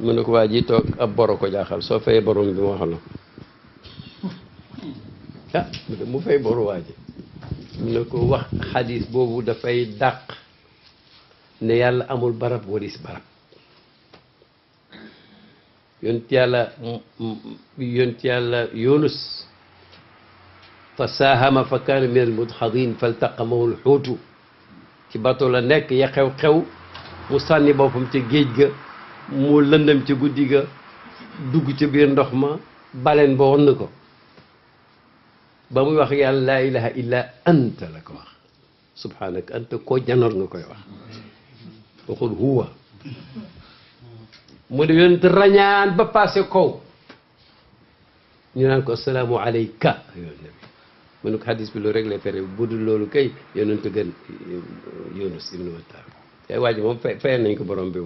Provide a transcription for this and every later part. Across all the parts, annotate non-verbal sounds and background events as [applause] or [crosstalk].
mu ne ko waa ji toog ab boro ko jaaxal soo fayee borom bi moo xam na ah mu de mu fay boru waa ji mu ne ko wax xadis boobu dafay dàq ne yàlla amul barab waris barab yonent yàlla yonent yàlla yunus fasahama fa kaana min al mudxadin faltaqamahu al xuutu ci bato la nekk ya xew-xew mu sànni boppam ci géej ga mu lëndëm ca guddi ga dugg ci biir ndox ma baleen ba won ko ba muy wax yàlla laa ilaha illa anta la ko wax subhanaka anta koo janoor nga koy wax waxul huwa mu ne yonent rañaan ba passé kaw ñu naan ko asalaamu aleyka yoon nabi mu ne ko bi lu rek fere bu dul loolu kay yonent gën Yunus ibnu Matta tey eh, waa ji moom fayal nañ ko borom bi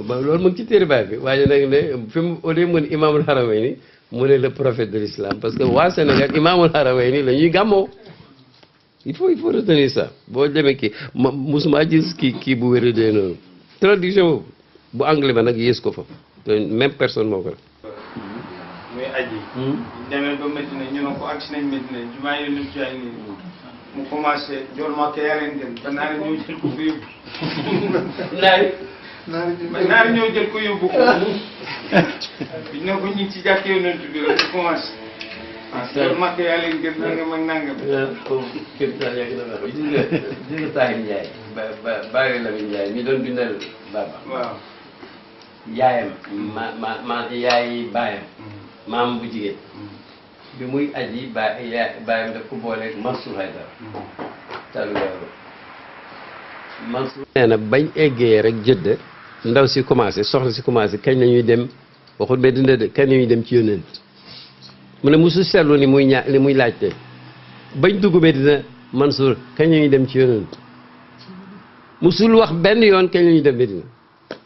moom loolu mu ci téere baay bi waaye nag ne fi mu au lieu mu ne mu ne le prophète de l'islam parce que waa Sénégal imaamul Haramayni la ñuy gàmmoo il faut il faut retenir ça boo demee kii ma musuma gis kii kii bu wér dee noonu traduction bu anglais ba nag yées ko fa même personne moo ko def. muy aji. Hmm? demee ba Medina ñu ne ko agsi nañ Medina jumaa yi ñu jaay nii. mu commencé jool ma ke yaren den ba naari ñëw jël ko fa yóbbu naari naari ñëw jël ko yóbbu biñ ne ko ñu ngi ci jàkk yonent bi rek mu commencé waaw jool ma ke yaren den nangam ak nangam kirtan yàgg na wax gis nga gis nga Tahir Ndiaye ba bàyyi la bi Ndiaye mi doon bindal baba waaw yaayam ma ma ma yaay baayam maam bu jigéen bi muy aji ba ya bàyyam daf ko booleeg Mansour Haydara talweeru Mansour nee na bañ eggee rek jëdd ndaw si commencé soxla si commencé kañ la ñuy dem waxul ba dina de kañ la ñuy dem ci yónent mu ne mosu seetlu ni muy ñaa ni muy laajte bañ dugg ba dina Mansour kañ la ñuy dem ci yónent musul wax benn yoon kañ la ñuy dem ba dina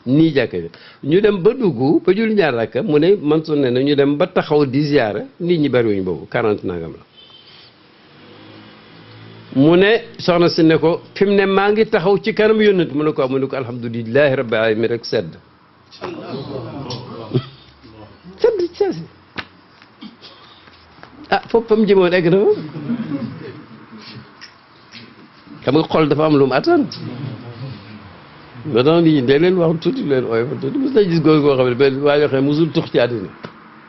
nii jàkka ja ñu dem ba dugg ba jul ñaar rakka mu ne Mansour ne na ñu dem ba taxaw di ziyaara nit ñi bariwuñ boobu quarante nangam la mu ne soxna si ne ko fi mu ne maa ngi taxaw ci kanam yónnent mu ne ko mu ne ko alhamdulilahi rabbil alamin rek ah, nga xol dafa am lu mu attan ba dama nit ñi dee leen wax tuuti leen ooy fa na gis góor goo xam ne benn waa xam ne mosul tux ci àddina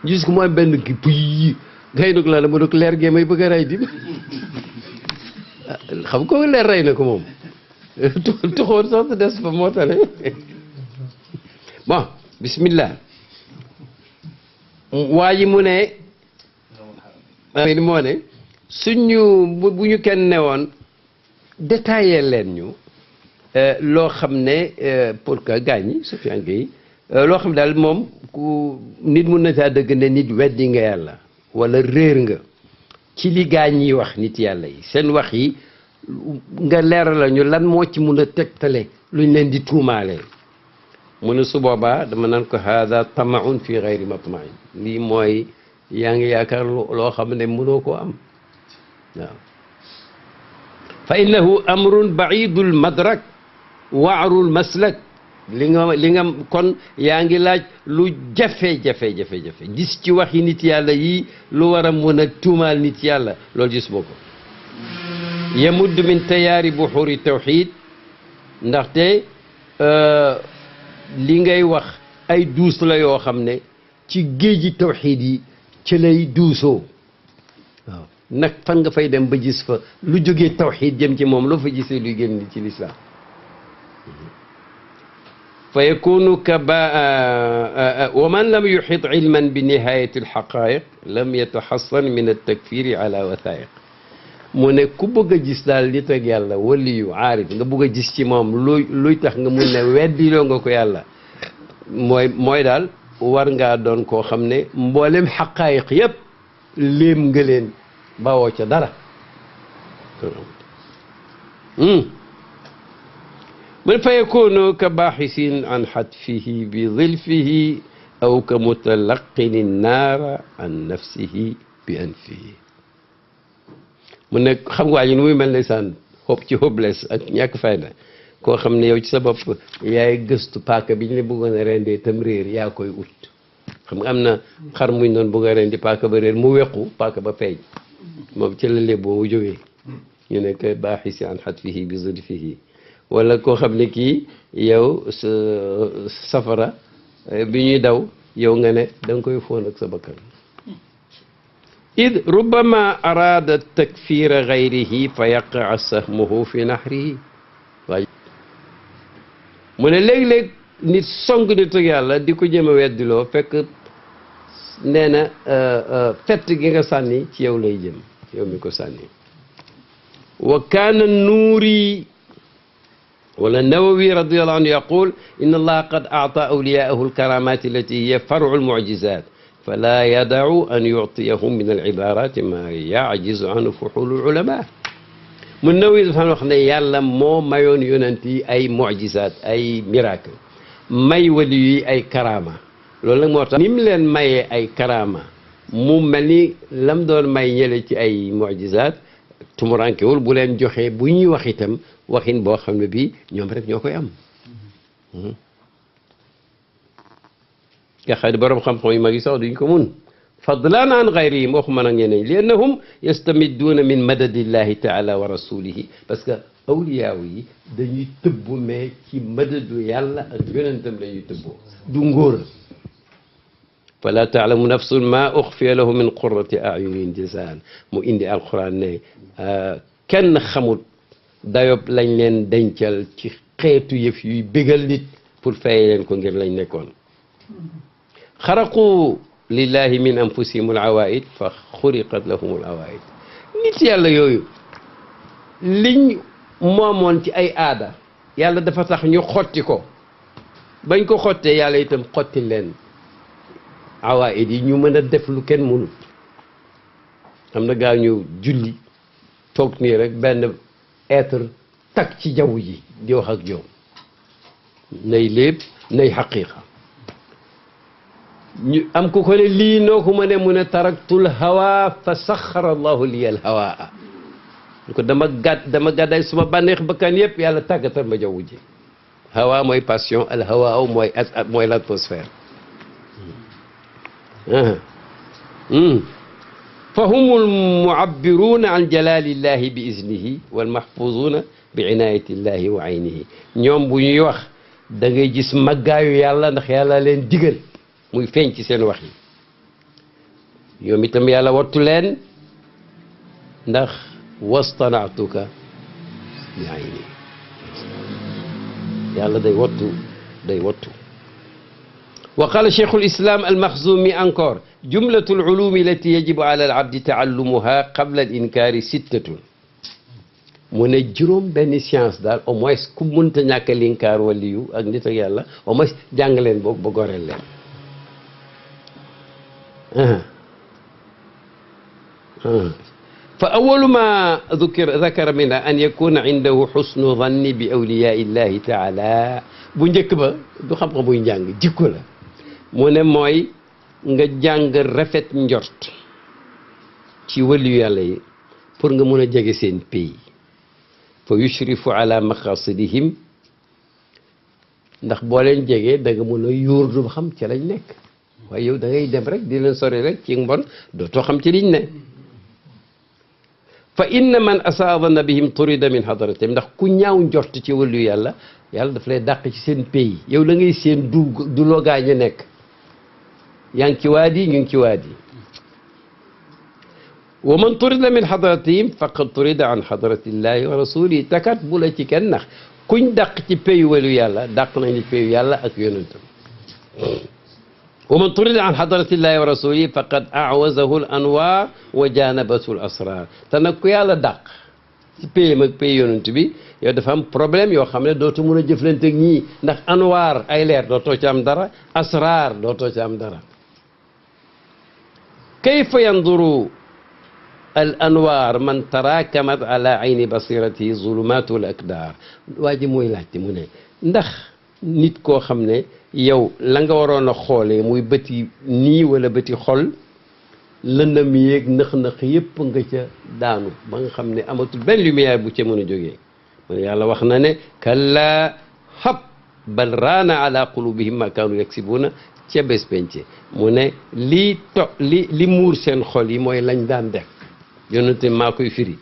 gis ko mu am benn kii puy ngay dog laa la ma dog leer gee bëgg a rey di [laughs] xam ko leer rey na ko moom [laughs] tuxoon sax te des fa moo tane [laughs] bon bismillah waa mu ne moo ne suñu bu ñu kenn newoon détaillé leen ñu Euh, loo xam ne euh, pour que gars ñi Sofiane Gueye euh, loo xam ne daal moom ku nit mun na saa dëgg ne nit weddi nga yàlla wala réer nga ci li gars ñiy wax nit yàlla yi seen wax yi nga leeral la ñu lan moo ci mun a tegtale luñ leen di tuumaale mu ne su boobaa dama nan ko haada tamaun fi gayri matmain lii mooy yaa ngi yaakaar loo xam ne mënoo koo am waaw fa innahu amrun baidul madrak waarul maslak li nga li nga kon yaa ngi laaj lu jafe-jafe-jafe-jafe gis ci waxi nit yàlla yii lu war a mun a tuumaal nit yàlla loolu gis boobu ko yemud min tayaari buxuuri tawxid ndaxte euh, li ngay wax ay duus la yoo xam ne ci géeji tawxid yi ci lay duusoo waaw nag fan nga fay dem ba jis fa lu jógee tawxid jëm ci moom loo fa gisee luy génn ci lislaam fa yakunu ka ba wa man lam yuxit ilman bi nihayati alxaqaiq lam yataxassan min altakfiri ala wathaiq mu ne ku bëgg a gis daal nit ak yàlla waliyu aarif nga bëgg a gis ci moom luy luy tax nga mun ne weddiloo nga ko yàlla mooy mooy daal war ngaa doon koo xam ne mboolem xaqaayiq yëpp léem nga leen bawoo ca dara hmm. من فيكون كباحث عن حتفه بظلفه أو كمتلقن النار عن نفسه بأنفه mu nekk xam nga waa ji nu muy mel ne saan xob ci xoblesse ak ñàkk fayda koo xam ne yow ci sa bopp yaay gëstu paaka bi ñu la bëggoon a rendee tam réer yaa koy ut xam nga am na xar muñ noonu bëgg a rendi paaka ba réer mu wequ paaka ba feeñ moom ci la léeb boobu jógee ñu nekk baaxi si an xat fihi bi zul fihi wala koo xam ne kii yow safara eh, bi ñuy daw yow nga ne da koy foon ak sa bakkan id rubama araada takfira gayrihi fa yaqaa sahmuhu fi nahrihi waaj mu ne léeg-léeg nit song nit ak yàlla di ko jëm a weddiloo fekk nee na eh, eh, fett gi nga sànni ci yow lay jëm yow mi ko sànni wa kaana nuuri والنووي رضي الله عنه يقول إن الله قد أعطى أولياءه الكرامات التي هي فرع المعجزات فلا يدع أن يعطيهم من العبارات ما يعجز عنه فحول العلماء mun nawi dafa wax ne yàlla moo mayoon yonent yi ay mucjisaat ay miracle may wali yi ay karaama loolu nag moo tax ni mu leen mayee ay karaama mu mel ni lam doon may ñële ci ay mucjisaat tumurankewul bu leen joxee bu ñuy wax itam waxin boo xam ne bii ñoom rek ñoo koy am nga xam ne borom xam-xam yu mag yi sax duñ ko mun fadlan an gayrihim waxuma nag ñeneen li annahum yastamidduuna min madadillahi taala wa rasulihi parce que awliyaaw yi dañuy tëbbu mais ci madadu yàlla ak yonentam la ñuy tëbboo du ngóor fala taalamu nafsun ma uxfiya lahu min qurati ayunin jazaan mu indi alquran ne ah, kenn xamut dayob lañ leen dencal ci xeetu yëf yuy bégal nit pour fay leen ko ngir lañ nekkoon xaraqu lillahi min anfusihim al awaid fa xuriqat lahum al awaid nit yàlla yooyu liñ moomoon ci ay aada yàlla dafa tax ñu xotti ko bañ ko xottee yàlla itam xotti leen awaid yi ñu mën a def lu kenn mënul am na gaa ñu julli toog nii rek être tak ci jaww ji di wax ak yow nay léeb nay xaqiqa ñu am ku ko ne lii noo ko ma ne mu ne taraktul hawa fa saxara allahu liya al hawaa ko dama gàtt dama gàddaay suma bànneex bakkan yëpp yàlla tàggatal ma jaww ji hawa mooy passion al hawa mooy mooy l' atmosphère hmm. hmm. fa humul muabbiruuna an jalaalillahi bi iznihi wal mahfuzuuna bi inaayatillahi wa aynihi ñoom bu ñuy wax da ngay gis màggaayu yàlla ndax yàlla leen digal muy feeñ ci seen wax yi ñoom itam yàlla wattu leen ndax wastanaatuka bi ayni yàlla day wattu day wattu wa qala cheikhul islam al maxzumi encore jumlatul ulumi allati yajibu ala alabdi taallumuha qabla al inkaari sittatun mu ne juróom benn science daal au moins ku mënta ñàkk a linkaar wali yu ak nit ak yàlla au moins jàng leen boog ba goreel leen fa awalu ma dukira dakara minha an yakuna indahu xusnu danni bi awliyaa illahi taala bu njëkk ba du xam-xamuy njàng jikko la mu ne mooy nga jàng rafet njort ci wëliyu yàlla yi pour nga mun a jege seen pays fa yushrifu ala maqasidihim ndax boo leen jegee danga nga mun a yuur du xam ci lañ nekk waaye yow da ngay dem rek di leen sore rek ci mbon dootoo xam ci liñ ne fa inna man asaadana bihim turida min hadratihim ndax ku ñaaw njort ci wëliyu yàlla yàlla daf lay dàq ci seen pays yow la ngay seen du du nekk yaa ngi ci waadi ñu ngi ci waadi wa man turida min xadratihim faqad turida an xadratillahi wa rasulihi takat bu la ci kenn nax kuñ dàq ci peyu welu yàlla dàq nañ ci peyu yàlla ak yonentam wa man turida an xadratillahi wa rasulihi faqad awazahu l anwaar wa janabahu l asrar te nag ku yàlla dàq ci payam ak pay yonent bi yow dafa am problème yoo xam ne dootu mun a jëflante ak ñii ndax anwaar ay leer dootoo ci am dara asrar dootoo ci am dara kayfa yanduru al anwaar man taraakamat ala ayni basiratihi zulumatu al akdaar waa ji mooy laajte mu ne ndax nit koo xam ne yow la nga waroon a xoolee muy bëti nii wala bëti xol lëndëm yeeg nëx-nëx yépp nga ca daanu ba nga xam ne amatul benn lumière bu ca mën a jógee man yàlla wax na ne kalla hab bal raana ala qulubihim ma kaanu yaksibuuna ca bés penc mu ne lii to li li muur seen xol yi mooy lañ daan def yonente maa koy firi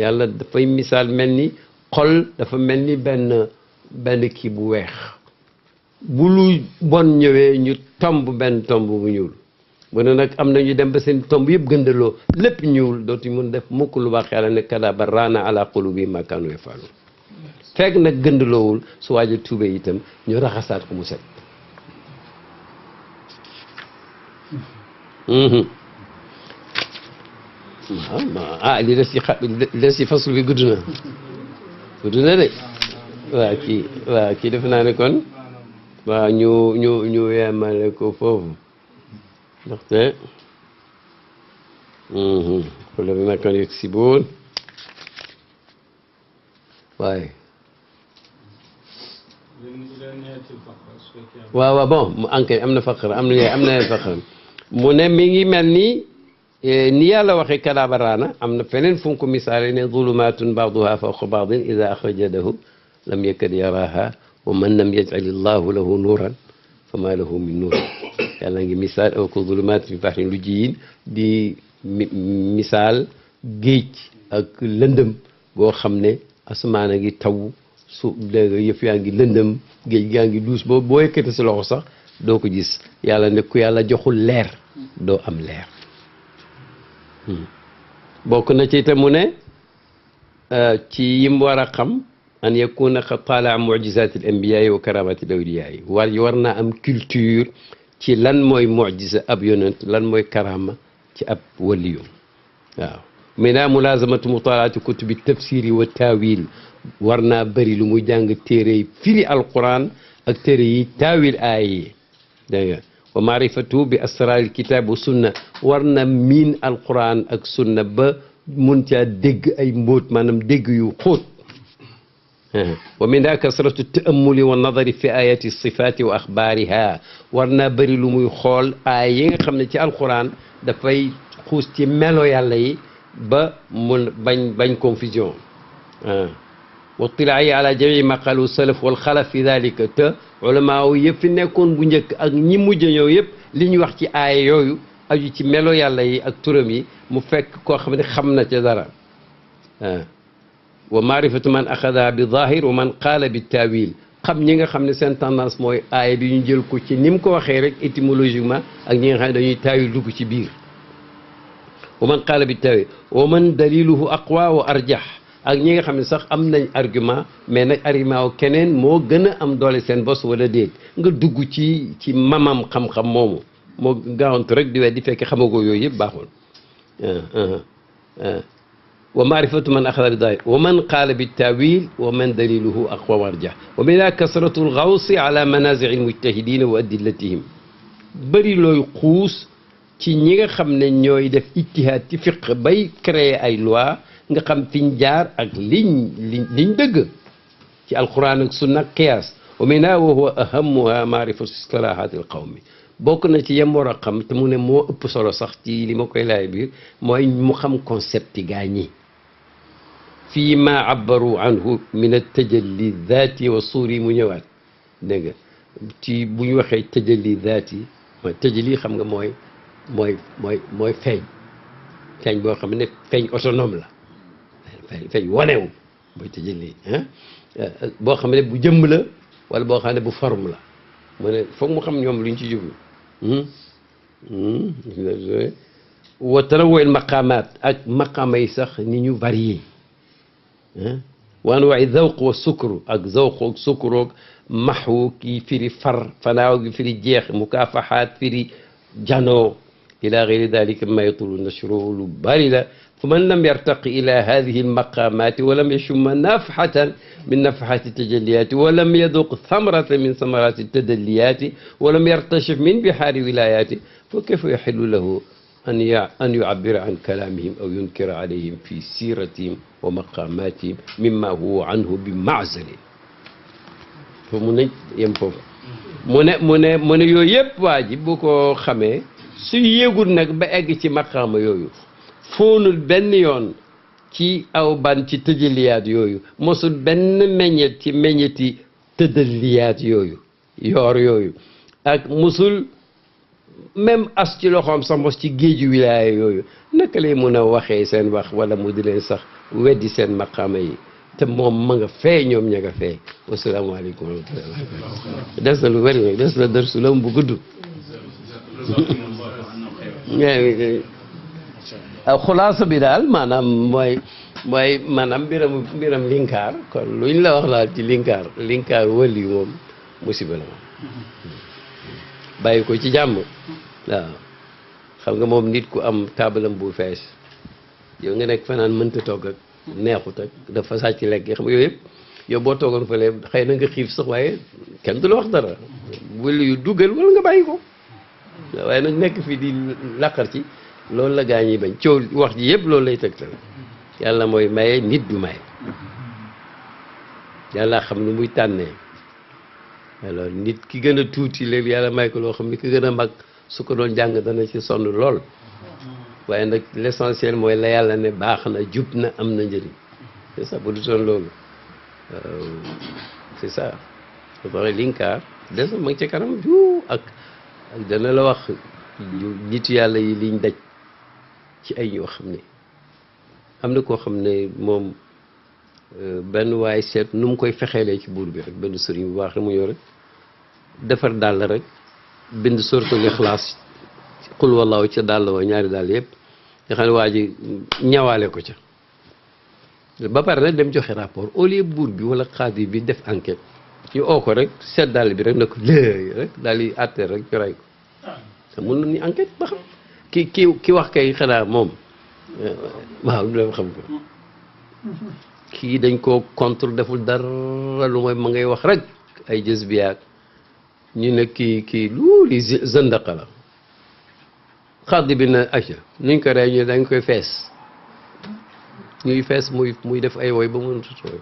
yàlla dafay misaal mel ni xol dafa mel ni benn benn kii bu weex bu lu bon ñëwee ñu tomb benn tomb bu ñuul mu ne nag am na ñu dem ba seen tomb yëpp gëndaloo lépp ñuul dootu mun def mukk lu baax yàlla ne kada ba raana ala qulubi ma kaanu yafalu fekk nag gëndaloowul su waaja tuube itam ñu raxasaat ko mu set Mhm. ah li des ci xa li des ci faslu bi gudd na gudd na de waaw kii waaw kii def naa ne kon waaw ñu ñu ñu yemale ko foofu ndaxte xula mhm, bi makon yëg si boon waaye waaw waaw bon mu enquête am na faqar am na am na yeneen faqar mu ne mi ngi mel ni e, ni yàlla waxee kalaabaraana am na feneen fu mu ko misaale ne zulumaatun baaduha fawqa baadin ida axraja yadahu lam yakad yaraha wa man lam yajcal illahu lahu nuuran fa ma lahu min nuur yàlla misaal lu jiyin di misaal ak lëndëm goo xam ne asmaan a ngi taw su yëf yaa ngi lëndëm géej gaa ngi duus boobu boo yëkkate sa loxo doo ko gis yàlla ne ku yàlla joxul leer doo am leer hmm. bokk na ci itam mu ne euh, ci yim war xam an yakuna qad taala an mujizati al wa karamati war war am culture ci lan mooy mujiza ab lan mooy karama ci ab waliyu waaw mina mulazamatu mutalaati kutubi tafsiri wa taawil war naa bëri lu muy jàng téere yi firi alquran ak téere yi taawil dégg nga wa maarifatu bi asraaril kitaab wa sunna war na miin alquran ak sunna ba mun caa dégg ay mbóot maanaam dégg yu xóot wa min daa kasratu taamuli wa nadari fi ayati sifaati wa axbaariha war naa bëri lu muy xool aay yi nga xam ne ci alquran dafay xuus ci melo yàlla yi ba mun bañ confusion watilaayi ala jamii maqalu salaf wal xalaf fi dalika te ulama wu yëpp fi nekkoon bu njëkk ak ñi mujj ñëw yëpp li ñu wax ci aaya yooyu aju ci melo yàlla yi ak turam yi mu fekk koo xam ne xam na ca dara ah. wa maarifatu man axada bi zahir wa man qaala bi taawil xam ñi nga xam ne seen tendance mooy aaya bi ñu jël ko ci ni mu ko waxee rek étymologiquement ak ñi nga xam ne dañuy taawil dugg ci biir wa man qaala bi taawil wa man daliluhu aqwa wa arjah ak ñi nga xam ne sax am nañ argument mais nag argument wu keneen moo gën a am doole seen bos wala déet nga dugg ci ci mamam xam-xam moomu moo gaawantu rek di weddi fekk xamagoo yooyu yëpp baaxul ah, ah, ah. wa maarifatu man axada bi daal wa man qaala bi taawil wa man daliluhu aqwa warja wa minha kasratu lxawsi ala manaziri lmujtahidina wa adillatihim bari looy xuus ci ñi nga xam ne ñooy def ijtihaad ci fiq bay créer ay loi nga xam fiñ jaar ak liñ liñ liñ dëgg ci alquran ak sunna ak qiyaas wa mina wa huwa ahammuha maarifatu al qawmi bokk na ci yem war a xam mu ne solo sax ci li ma laay biir mooy mu xam concept yi gaa ñi fii ma abbaru anhu min altajalli daati wa suur yi mu ñëwaat dégg nga ci bu ñu waxee tajalli daati mooy tajalli xam nga mooy mooy mooy mooy feeñ feeñ boo xam ne feeñ autonome la fay fay wanewu booy tëjee lii euh, boo xam ne bu jëmm la wala boo xam ne bu forme la mu ne foog mu xam ñoom luñ ci jublu hmm? Hmm? wa tanawul maqaamaat ak maqaama yi sax ni ñu varié waan waaye zawq wa sukru ak zawq ak sukru ak maxwu kii firi far fanaaw gi firi jeex mukaafaxaat firi janoo ila gayri dalika ma yatulu nashruhu lu bari la فمن لم يرتق إلى هذه المقامات ولم يشم نفحة من نفحات التجليات ولم يذوق ثمرة من ثمرات التدليات ولم يرتشف من بحار ولاياته فكيف يحل له أن أن يعبر عن كلامهم أو ينكر عليهم في سيرتهم ومقاماتهم مما هو عنه بمعزل فمن yem foofu mu ne mu ne mu ne yooyu yëpp waa ji bu ko xamee su yéegul nag ba egg ci maqaama yooyu fóonul benn yoon ci aw ban ci tëjaliyaat yooyu mosul benn meññet ci meññeti tëddaliyaat yooyu yoor yooyu ak mosul même as ci loxoom sax mos ci géeju wilaaya yooyu naka lay mun a waxee seen wax wala mu di leen sax weddi seen maqaama yi te moom ma nga fee ñoom ña nga fee wasalaamaaleykum wa rahmatulah des na lu bëri nag des na dërsu bu gudd [laughs] xulaasa bi daal maanaam mooy mooy maanaam mbiram mbiram linkaar kon luñ la wax laal ci linkaar linkaar wëli moom musiba la bàyyi ko ci jàmm waaw xam nga moom nit ku am taabalam bu fees yow nga nekk fanaan mënta togg ak neexut ak dafa sàcc lekk yi xam nga yooyu yëpp yow boo toogoon fële xëy na nga xiif sax waaye kenn du la wax dara wëli yu duggal wala nga bàyyi ko waaye nag nekk fii di làqar ci loolu la gaa ñi bañ coow wax ji yëpp loolu lay tëgtal yàlla mooy maye nit du maye yàlla xam nu muy tànnee alors nit ki gën a tuuti léegi yàlla may ko loo xam ni ki gën a mag su ko doon jàng dana ci sonn lool waaye nag l'essentiel mooy la yàlla ne baax na jub na am na njëriñ c'est ça bu du toon loolu euh, c'est ça su paree linkaar des na kanam ju ak dana la wax nit yàlla yi liñ daj ci ay yoo xam ne am na koo xam ne moom euh, benn waay seet nu mu koy fexeelee ci buur bi rek benn sëriñ bu baax rek mu yore defar dàll rek bind sortul ixlaas xul wallaahu ca dàll wa ñaari dàll yëpp nga xam ne waa ji ñawaale ko ca ba pare nag dem joxe rapport au lieu buur bi wala xaadi bi def enquête ñu oo ko rek seet dàll bi rek na ko léegi rek daal di àtte rek ñu ko te mën nañu ba xam. ki ki ki wax kay xanaa moom waaw loolu xam ko dañ koo contre deful dara lu mooy ma ngay wax rek ay jës bi yaag ñu ne kii kii loolu zëndaqa la xaddi bi na ko rey dañ koy fees ñuy fees muy muy def ay woy ba mu tut woy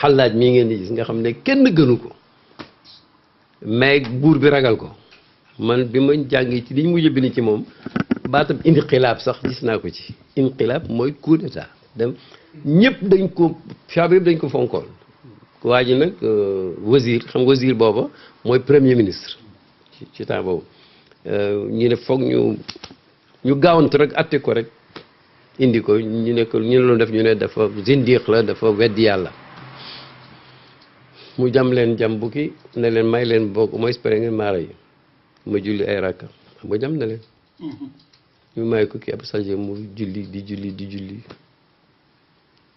xalaaj mii ngeen di gis nga xam ne kenn gënu ko mais buur bi ragal ko man bi ma jàngee ci liñ mujj bind ci moom baatam inqilaab sax gis naa ko ci inqilaab mooy coup d'état dem ñëpp dañ ko chaabi yëpp dañ ko fonkoon waa ji nag euh, wazir xam nga wazir booba mooy premier ministre ci temps boobu euh, ñu ne foog ñu ñu gaawantu rek atte ko rek indi ko ñu ne ko ñu ne loolu def ñu ne dafa zindiq la dafa weddi yàlla mu jam leen jam bukki ne leen may leen bokk mooy espéré ngeen maara yi ma julli ay rakka xam jam na leen mhm. ñu may ko kii ab mu julli di julli di julli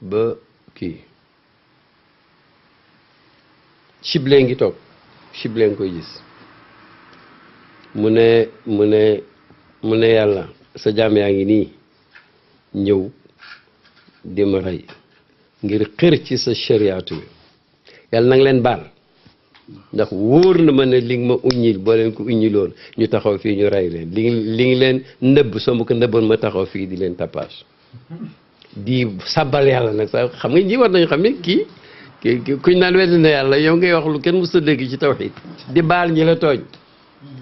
ba kii cible ngi toog cible nga koy gis mu ne mu ne mu ne yàlla sa jaam yaa ngi nii ñëw di ma rey ngir xër ci sa chariatu bi yàlla na leen baal ndax wóor na mën ne li ma uññil boo leen ko uññiloon ñu taxaw fii ñu rey leen li li ngi leen ndëb soo ma ko nëbboon ma taxaw fii di leen tapage di sabal yàlla nag sax xam nga ñi war nañu xam ne kii kuñ naan weddi na yàlla yow ngay wax lu kenn mu a dégg ci tawxiid di baal ñi la tooñ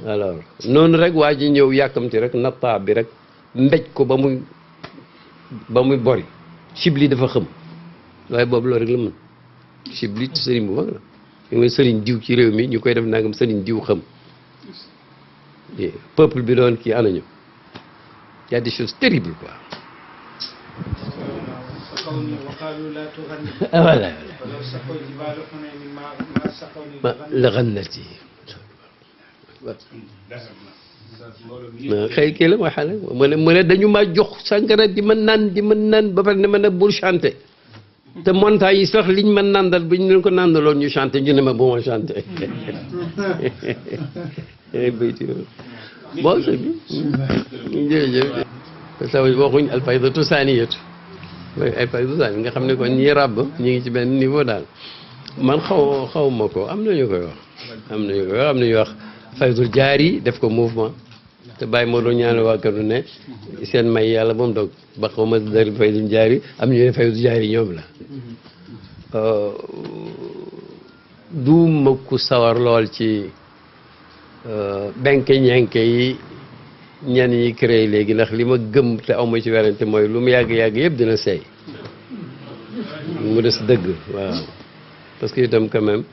alors noonu rek waa ji ñëw yàkkamti rek nattaa bi rek mbéj ko ba mu ba muy bori cibli dafa xëm waaye boobu loolu rek la mën cibli sëriñ bu mag la mooy sëriñ diw ci réew mi ñu koy def nangam sëriñ diw xam peuple bi doon kii anañu y a des choses terribles quoi ah, la xannat yi xëy la ma xale mu ne mu ne dañu ma jox sàngara di ma naan di ma naan ba ne ma ne bul chanter te montagne yi sax liñ mën nandal bu ñu leen ko nandaloon ñu chanté ñu ma bu ma chanté eh, bayti bon sëñ bi jërëjëf saw waxuñ alfaydatu saaniyatu nga xam ne kon ñi ràbb ñu ngi ci benn niveau daal man xaw xaw ko am nañu koy wax am nañu koy wax wax faydul jaar yi def ko mouvement te bàyyi moo doon ñaanal waa kër ne seen may yàlla moom doog ba xaw ma dari fay du jaari am ñu ne fay du jaari ñoom la mm-hmm. euh, du makku sawar lool ci euh, benke ñenke yi ñenn ñi créé léegi ndax li ma gëm te aw ma ci werante mooy lu mu yàgg-yàgg yëpp dina seey mu des dëgg waaw parce que itam quand même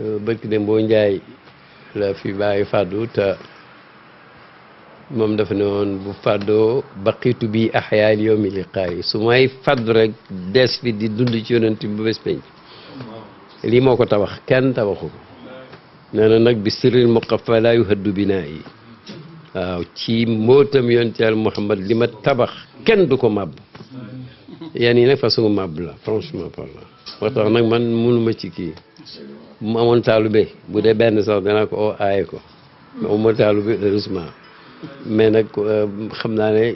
euh, bëkk dem boo njaay la fi bàyyi fàddu te moom dafa ne woon bu fàddoo baqiitu bi axyaal yowmi su may fàddu rek des fi di dund ci yonent bi ba bés moo ko tabax kenn tabaxu ko nee nag bi sirril muqaffa laa yuhaddu binaa yi waaw ci mbootam yonent yàlla li ma tabax kenn du ko màbb yan yi nag façon màbb la franchement parlant moo nag man mënuma ci kii mu amoon taalube bu dee benn sax danaa ko oo aaye ko ma amoon taalube mais nag euh, xam naa ne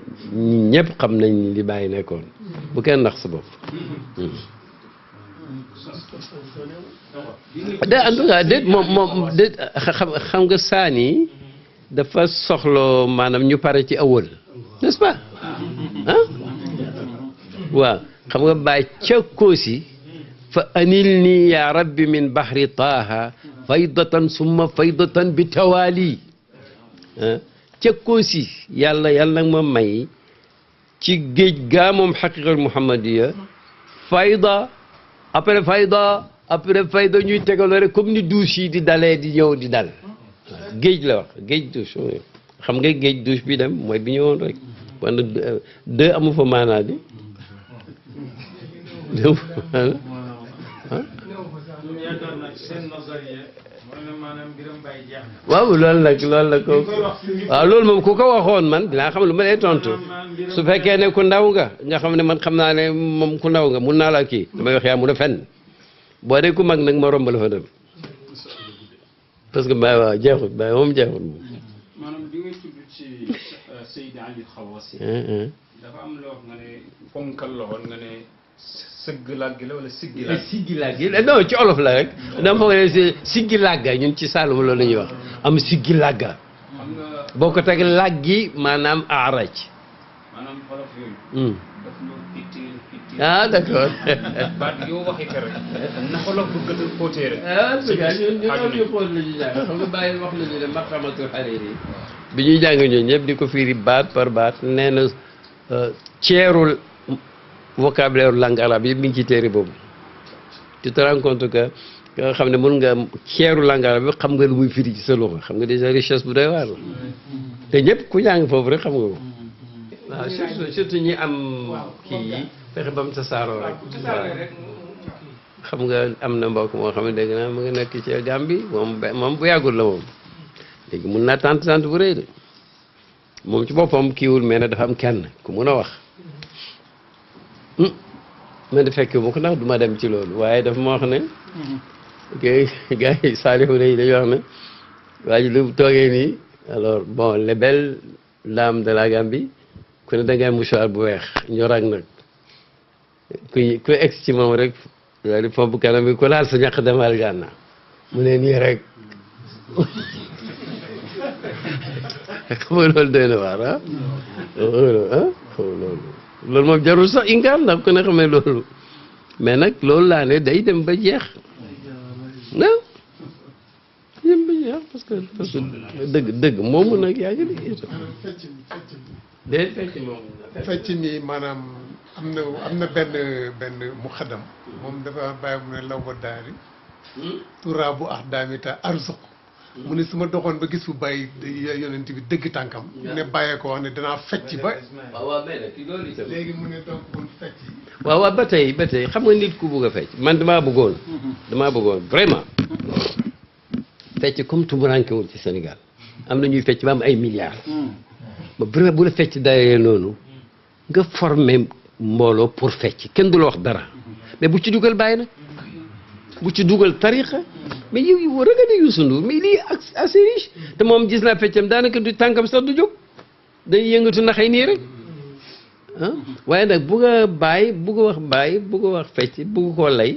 ñëpp xam nañ li bàyyi nekkoon bu kenn nax sa bopp de en tout cas déet moom moom déet xam nga saani dafa soxlo maanaam ñu pare ci awal n'est-ce pas ah waaw xam nga bàyyi ca koosi fa anil nii yaa rabbi min bahri taaha faydatan summa faydatan bi tawaali ca Koosi yàlla yàlla nag ma may ci géej gaa moom xaqiqal muhammadiya fayda après fayda après fayda ñuy tegaloo rek comme ni douche yi di dalee di ñëw di dal géej la wax géej douche xam nga géej douche bi dem mooy bi ñëwoon rek wante amu fa maanaa di waaw loolu nag loolu la ko waaw ko waxoon man dinaa xam lu ma lay tontu su fekkee ne ku ndaw nga nga xam ne man xam naa ne moom ku ndaw nga mun naa la kii ma wax yaa mun a fenn boo ku mag nag ma romb la fa dem parce que Baye waaw jeexut Baye sëgg làggi la wala siggi làggi eh, siggi làggi ci olof la rek dama foog ne siggi làgga ñun ci Saalum loolu la ñuy wax am siggi làgga boo ko teg làggi maanaam maanaam olof yooyu hmm. daf ñoo ah, [laughs] bu a xóotee rek ah, ñu xóot ñu jàng xam ñuy jàng ñun ñëpp di ko fiiri baat par baat nee na euh, vocabulaire langue arabe yëpp mi ngi ci téere boobu tu te rends compte nga xam ne mën nga ceeru langue arabe bi xam nga lu muy firi sa loxo xam nga déjà richesse bu doy waar la te ñëpp ku foofu rek xam nga am kii yi fexe ba mu nga am na mbokk moo xam ne dégg naa mu ngi nekk ci Gàmbi moom moom bu yàggul la moom léegi mun naa tant tant bu rëy de moom ci boppam kiiwul mais na dafa am kenn ku mun a wax Hmm. man de fekk mu ko ndax du ma dem ci loolu waaye daf ma wax ne. Mm-hmm. [laughs] gars yi saalihu yi dañuy wax ne waa ji lu toogee nii alors bon les belles dames de la Gambie ku ne da ngay bu weex ñoraag nag ku ku ci moom rek daal di fomp kanam bi ku laal sa ñaq demal gànna mu ne nii rek [laughs] xam nga loolu doy na waar ah. Mm-hmm. loolu. Ah? loolu moom jarul sax ingaan ndax ku ne xamee loolu mais nag loolu laa ne day dem ba jeex waaw dëgg dëgg moomu nag day fecc moom maanaam am na na benn benn mu xadam moom dafa bàyyi mu ne law ba daari hmm? turaa bu ax daamita arzuq mu ne su ma doxoon ba gis fu bàyyi bi dëgg tànkam. ne bàyyee wax ne danaa fecc ba. waaw ba tey ba tey xam nga nit ku bugg a fecc man damaa bëggoon. Mm-hmm. damaa bëggoon vraiment. fecc comme tumurankewul ci Sénégal am na ñuy fecc ba am ay milliards. Mm. ba vraiment bu la fecc dayee noonu. nga formé mbooloo pour fecc kenn du la wax dara. Mm-hmm. mais bu ci dugal bàyyi nag. bu ci dugal tariqa mais yow yi war a nga ne Youssou mais lii assez riche te moom gis naa feccam daanaka du tànkam sax du jóg day yëngatu naxay nii rek ah waaye nag bugg a bàyyi bugg a wax bàyyi bugg wax fecc bugg koo lay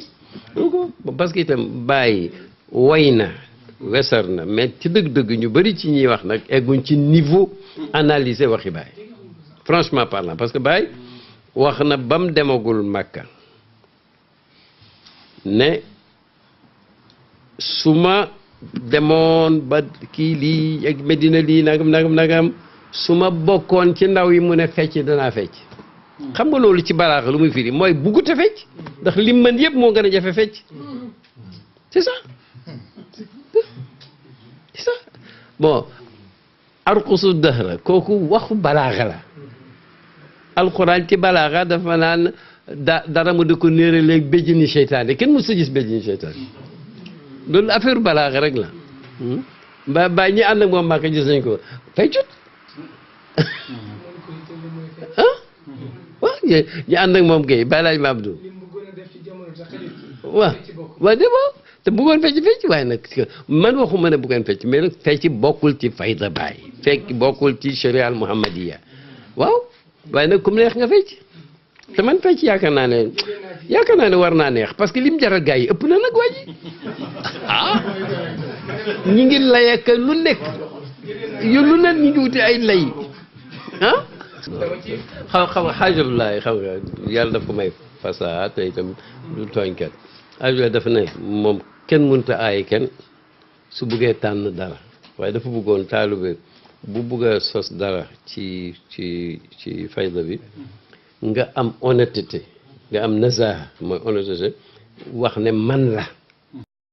parce que itam bàyyi way na wesar na mais ci dëgg-dëgg ñu bëri ci ñuy wax nag egguñ ci niveau analyser waxi Baye franchement parlant parce que Baye wax na bam demagul Makka ne su ma demoon ba kii lii ak Medina lii nagam nagam nagam su ma bokkoon ci ndaw yi mu ne fecc danaa fecc xam nga loolu ci baraax lu muy firi mooy buggut a fecc ndax lim mën yëpp moo gën a jafe fecc c'est ça c'est ça bon arqusu dahra kooku waxu balaaxa la alquran ci balaaxa dafa naan da dara mu di ko néeraleeg béjjini seytaane kenn mu sa gis béjjini seytaane loolu affaire balaax rek la hmm? ba ñi ànd ak moom màkk gis nañ ko fay cut [laughs] ñi ànd moom kay balaaj ma abdou waaw waaw de waaw te bëggoon fecc fecc waaye nag man waxuma ne bëggoon fecc mais nag fecc bokkul ci fayda baay fekk bokkul ci sharia al muhammadiya waaw waaye nag kum neex nga fecc te man pecc yaakaar naa ne yaakaar ne war naa neex parce que lim jaral gars yi ëpp na nag waa ji ah ñu ngi lu nekk yu lu ne ñu ngi wuti ay lay ah. xaw xaw xaajabulaay xaw nga yàlla daf ko may fasaa te itam du tooñkat xaajabulaay dafa ne kenn munta a kenn su buggee tànn dara waaye dafa bëggoon taalube bu bugg sos dara ci ci ci fayda bi. nga am honnêteté nga am nasaha mooy honnêteté wax ne man la